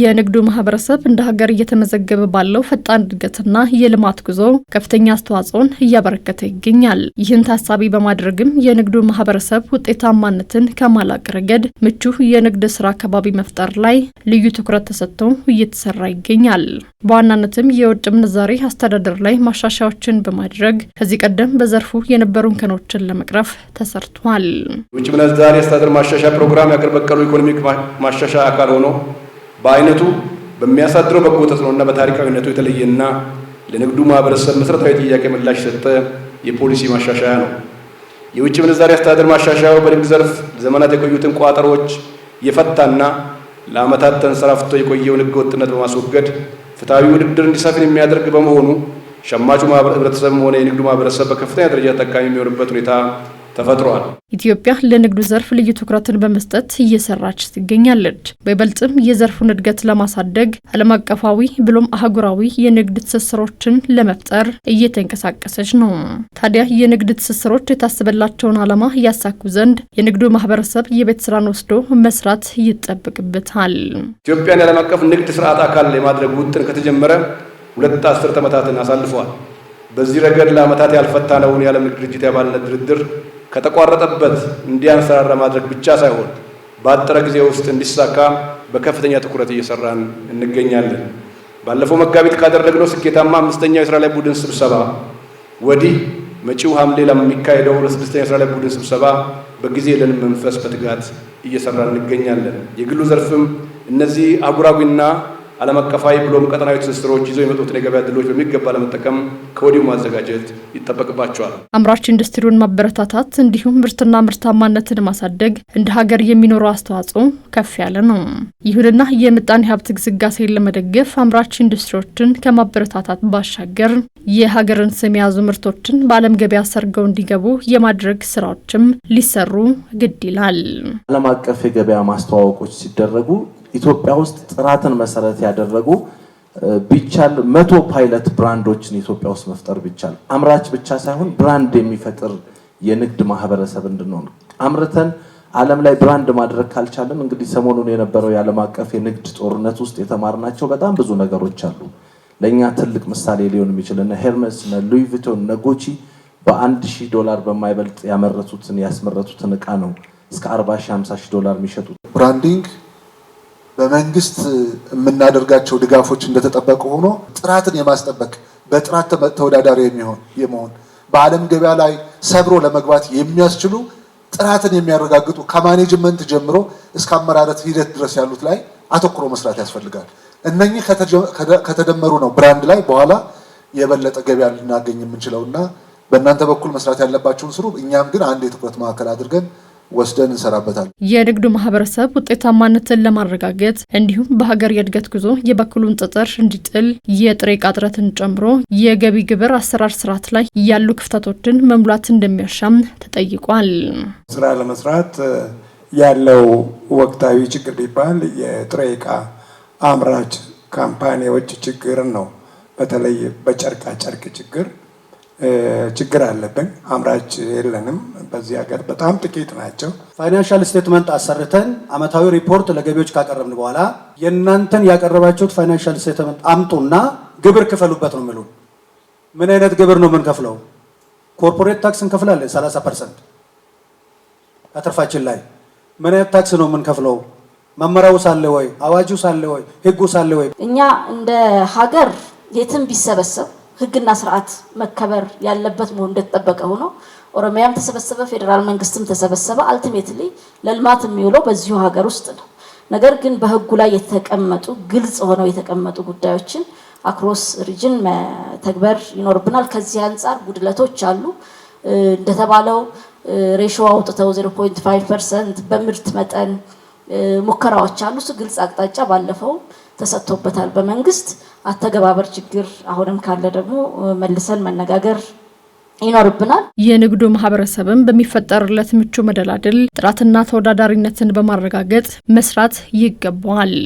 የንግዱ ማህበረሰብ እንደ ሀገር እየተመዘገበ ባለው ፈጣን እድገትና የልማት ጉዞ ከፍተኛ አስተዋጽኦን እያበረከተ ይገኛል። ይህን ታሳቢ በማድረግም የንግዱ ማህበረሰብ ውጤታማነትን ከማላቅ ረገድ ምቹ የንግድ ስራ አካባቢ መፍጠር ላይ ልዩ ትኩረት ተሰጥቶ እየተሰራ ይገኛል። በዋናነትም የውጭ ምንዛሬ አስተዳደር ላይ ማሻሻያዎችን በማድረግ ከዚህ ቀደም በዘርፉ የነበሩ እንከኖችን ለመቅረፍ ተሰርቷል። ውጭ ምንዛሬ አስተዳደር ማሻሻያ ፕሮግራም የሀገር በቀሉ ኢኮኖሚክ ማሻሻያ አካል ሆኖ በአይነቱ በሚያሳድረው በጎ ተጽዕኖና በታሪካዊነቱ የተለየና ለንግዱ ማህበረሰብ መስረታዊ ጥያቄ ምላሽ የሰጠ የፖሊሲ ማሻሻያ ነው። የውጭ ምንዛሪ አስተዳደር ማሻሻያው በንግድ ዘርፍ ዘመናት የቆዩትን ቋጠሮች የፈታና ለዓመታት ተንሰራፍቶ የቆየውን ህገ ወጥነት በማስወገድ ፍትሐዊ ውድድር እንዲሰፍን የሚያደርግ በመሆኑ ሸማቹ ህብረተሰብም ሆነ የንግዱ ማህበረሰብ በከፍተኛ ደረጃ ተጠቃሚ የሚሆንበት ሁኔታ ተፈጥሯል። ኢትዮጵያ ለንግዱ ዘርፍ ልዩ ትኩረትን በመስጠት እየሰራች ትገኛለች። በይበልጥም የዘርፉን እድገት ለማሳደግ ዓለም አቀፋዊ ብሎም አህጉራዊ የንግድ ትስስሮችን ለመፍጠር እየተንቀሳቀሰች ነው። ታዲያ የንግድ ትስስሮች የታሰበላቸውን ዓላማ ያሳኩ ዘንድ የንግዱ ማህበረሰብ የቤት ስራን ወስዶ መስራት ይጠበቅበታል። ኢትዮጵያን የዓለም አቀፍ ንግድ ስርዓት አካል የማድረግ ውጥን ከተጀመረ ሁለት አስርተ ዓመታትን አሳልፈዋል። በዚህ ረገድ ለዓመታት ያልፈታነውን የዓለም ንግድ ድርጅት የአባልነት ድርድር ከተቋረጠበት እንዲያንሰራራ ማድረግ ብቻ ሳይሆን በአጠረ ጊዜ ውስጥ እንዲሳካ በከፍተኛ ትኩረት እየሰራን እንገኛለን። ባለፈው መጋቢት ካደረግነው ስኬታማ አምስተኛው የስራ ላይ ቡድን ስብሰባ ወዲህ መጪው ሐምሌ ለሚካሄደው ለስድስተኛ የስራ ላይ ቡድን ስብሰባ በጊዜ የለንም መንፈስ በትጋት እየሰራን እንገኛለን። የግሉ ዘርፍም እነዚህ አጉራዊና ዓለም አቀፋዊ ብሎም ቀጠናዊ ትስስሮች ይዘው የመጡትን የገበያ ድሎች በሚገባ ለመጠቀም ከወዲሁ ማዘጋጀት ይጠበቅባቸዋል። አምራች ኢንዱስትሪውን ማበረታታት እንዲሁም ምርትና ምርታማነትን ማሳደግ እንደ ሀገር የሚኖረው አስተዋጽኦ ከፍ ያለ ነው። ይሁንና የምጣኔ ሀብት ግስጋሴን ለመደገፍ አምራች ኢንዱስትሪዎችን ከማበረታታት ባሻገር የሀገርን ስም የያዙ ምርቶችን በዓለም ገበያ ሰርገው እንዲገቡ የማድረግ ስራዎችም ሊሰሩ ግድ ይላል። ዓለም አቀፍ የገበያ ማስተዋወቆች ሲደረጉ ኢትዮጵያ ውስጥ ጥራትን መሰረት ያደረጉ ቢቻል መቶ ፓይለት ብራንዶችን ኢትዮጵያ ውስጥ መፍጠር ቢቻል አምራች ብቻ ሳይሆን ብራንድ የሚፈጥር የንግድ ማህበረሰብ እንድንሆን አምርተን ዓለም ላይ ብራንድ ማድረግ ካልቻለን እንግዲህ ሰሞኑን የነበረው የዓለም አቀፍ የንግድ ጦርነት ውስጥ የተማርናቸው በጣም ብዙ ነገሮች አሉ። ለእኛ ትልቅ ምሳሌ ሊሆን የሚችል እነ ሄርመስ፣ እነ ሉዊ ቪቶን፣ እነ በአንድ ሺህ ዶላር በማይበልጥ ያመረቱትን ያስመረቱትን እቃ ነው እስከ 40 50 ሺህ ዶላር የሚሸጡት ብራንዲንግ በመንግስት የምናደርጋቸው ድጋፎች እንደተጠበቀ ሆኖ ጥራትን የማስጠበቅ በጥራት ተወዳዳሪ የሚሆን የመሆን በዓለም ገበያ ላይ ሰብሮ ለመግባት የሚያስችሉ ጥራትን የሚያረጋግጡ ከማኔጅመንት ጀምሮ እስከ አመራረት ሂደት ድረስ ያሉት ላይ አተኩሮ መስራት ያስፈልጋል። እነኚህ ከተደመሩ ነው ብራንድ ላይ በኋላ የበለጠ ገበያ ልናገኝ የምንችለው እና በእናንተ በኩል መስራት ያለባቸውን ስሩ። እኛም ግን አንድ የትኩረት ማዕከል አድርገን ወስደን እንሰራበታለን። የንግዱ ማህበረሰብ ውጤታማነትን ለማረጋገጥ እንዲሁም በሀገር የእድገት ጉዞ የበኩሉን ጠጠር እንዲጥል የጥሬ ዕቃ እጥረትን ጨምሮ የገቢ ግብር አሰራር ስርዓት ላይ ያሉ ክፍተቶችን መሙላት እንደሚያሻም ተጠይቋል። ስራ ለመስራት ያለው ወቅታዊ ችግር ቢባል የጥሬ ዕቃ አምራች ካምፓኒዎች ችግርን ነው። በተለይ በጨርቃ ጨርቅ ችግር ችግር አለብን። አምራች የለንም። በዚህ ሀገር በጣም ጥቂት ናቸው። ፋይናንሻል ስቴትመንት አሰርተን አመታዊ ሪፖርት ለገቢዎች ካቀረብን በኋላ የእናንተን ያቀረባችሁት ፋይናንሻል ስቴትመንት አምጡና ግብር ክፈሉበት ነው የሚሉ። ምን አይነት ግብር ነው የምንከፍለው? ኮርፖሬት ታክስ እንከፍላለን 30 ፐርሰንት ከትርፋችን ላይ። ምን አይነት ታክስ ነው የምንከፍለው? መመሪያው ሳለ ወይ አዋጁ ሳለ ወይ ህጉ ሳለ ወይ እኛ እንደ ሀገር የትም ቢሰበሰብ ህግና ስርዓት መከበር ያለበት መሆኑ እንደተጠበቀ ሆኖ ኦሮሚያም ተሰበሰበ፣ ፌዴራል መንግስትም ተሰበሰበ፣ አልቲሜትሊ ለልማት የሚውለው በዚሁ ሀገር ውስጥ ነው። ነገር ግን በህጉ ላይ የተቀመጡ ግልጽ ሆነው የተቀመጡ ጉዳዮችን አክሮስ ሪጅን መተግበር ይኖርብናል። ከዚህ አንጻር ጉድለቶች አሉ። እንደተባለው ሬሾ አውጥተው 0.5 ፐርሰንት በምርት መጠን ሙከራዎች አሉ። እሱ ግልጽ አቅጣጫ ባለፈው ተሰጥቶበታል በመንግስት። አተገባበር ችግር አሁንም ካለ ደግሞ መልሰን መነጋገር ይኖርብናል። የንግዱ ማህበረሰብም በሚፈጠርለት ምቹ መደላድል ጥራትና ተወዳዳሪነትን በማረጋገጥ መስራት ይገባዋል።